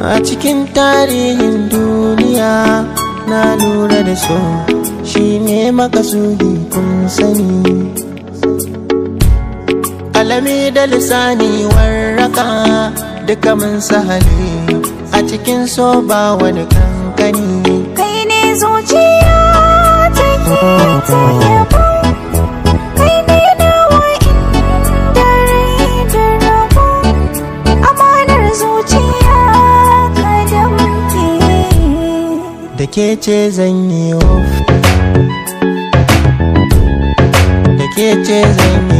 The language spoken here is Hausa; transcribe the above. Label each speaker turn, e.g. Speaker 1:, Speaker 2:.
Speaker 1: a cikin tarihin duniya na lura da
Speaker 2: so shi ne makasudi kun sani alami da lisani warraka duka mun sahali a cikin so ba wani kankani kai ne zuci
Speaker 3: da ke ce zan yi of da ke ce zan yi